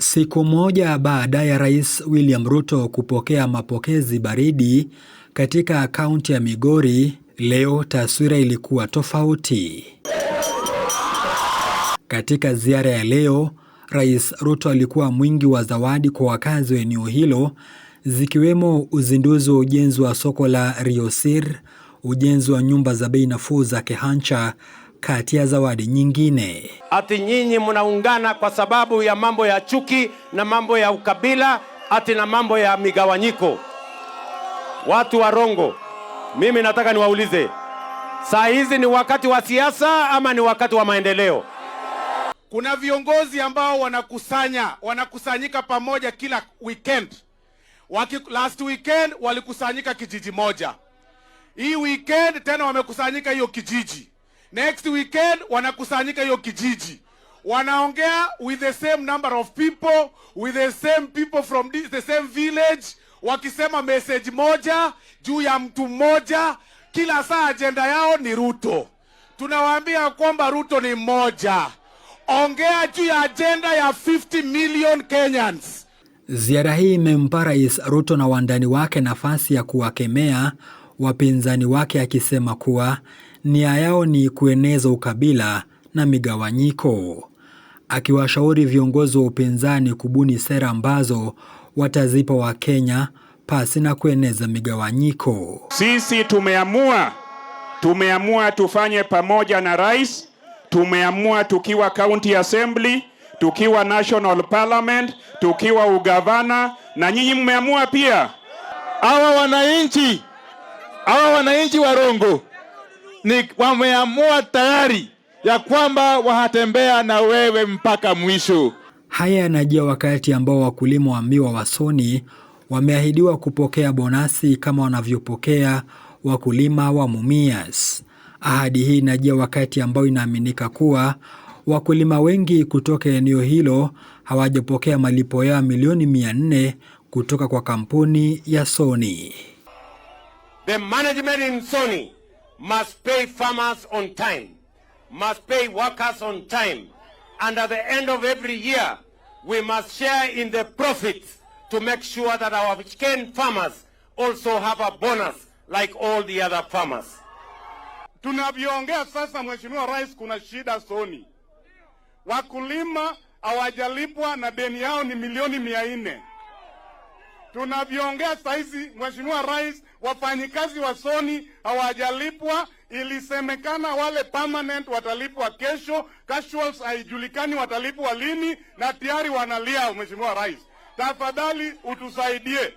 Siku moja baada ya Rais William Ruto kupokea mapokezi baridi katika kaunti ya Migori, leo taswira ilikuwa tofauti. Katika ziara ya leo, Rais Ruto alikuwa mwingi wa zawadi kwa wakazi wa eneo hilo, zikiwemo uzinduzi wa ujenzi wa soko la Riosir, ujenzi wa nyumba za bei nafuu za Kehancha kati ya zawadi nyingine. Ati nyinyi mnaungana kwa sababu ya mambo ya chuki na mambo ya ukabila, ati na mambo ya migawanyiko. Watu wa Rongo, mimi nataka niwaulize, saa hizi ni wakati wa siasa ama ni wakati wa maendeleo? Kuna viongozi ambao wanakusanya wanakusanyika pamoja kila weekend. Waki, last weekend walikusanyika kijiji moja, hii weekend tena wamekusanyika hiyo kijiji next weekend wanakusanyika hiyo kijiji, wanaongea with the same number of people with the same people from the same village, wakisema message moja juu ya mtu mmoja. Kila saa ajenda yao ni Ruto. Tunawaambia kwamba Ruto ni mmoja. Ongea juu ya ajenda ya 50 million Kenyans. Ziara hii imempa Rais Ruto na wandani wake nafasi ya kuwakemea wapinzani wake, akisema kuwa nia yao ni kueneza ukabila na migawanyiko, akiwashauri viongozi wa upinzani kubuni sera ambazo watazipa Wakenya pasi na kueneza migawanyiko. Sisi tumeamua, tumeamua tufanye pamoja na rais, tumeamua tukiwa county assembly, tukiwa national parliament, tukiwa ugavana, na nyinyi mmeamua pia. Hawa wananchi, hawa wananchi wa Rongo ni wameamua tayari ya kwamba watatembea na wewe mpaka mwisho. Haya yanajia wakati ambao wakulima wa miwa wa Soni wameahidiwa kupokea bonasi kama wanavyopokea wakulima wa Mumias. Ahadi hii inajia wakati ambao inaaminika kuwa wakulima wengi kutoka eneo hilo hawajapokea malipo yao milioni mia nne kutoka kwa kampuni ya Soni. The management in Sony must pay farmers on time, must pay workers on time. And at the end of every year, we must share in the profits to make sure that our Kenyan farmers also have a bonus like all the other farmers. Tunavyoongea sasa, Mheshimiwa Rais, kuna shida soni. Wakulima hawajalipwa na deni yao ni milioni mia nne tunavyoongea saa hizi, Mheshimiwa Rais, wafanyikazi wa Soni hawajalipwa. Ilisemekana wale permanent watalipwa kesho, casuals haijulikani watalipwa lini, na tayari wanalia. Mheshimiwa Rais, tafadhali utusaidie.